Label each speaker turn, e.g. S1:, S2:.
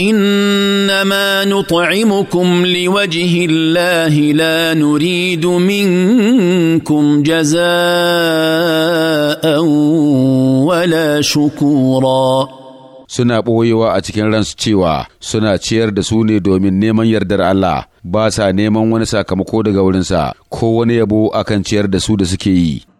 S1: انما نطعمكم لوجه الله لا نريد منكم جزاء
S2: ولا شكورا suna ɓoyewa a cikin ransu cewa suna ciyar da su ne domin neman yardar Allah ba sa neman wani sakamako daga wurinsa ko wani yabo akan ciyar da su da suke yi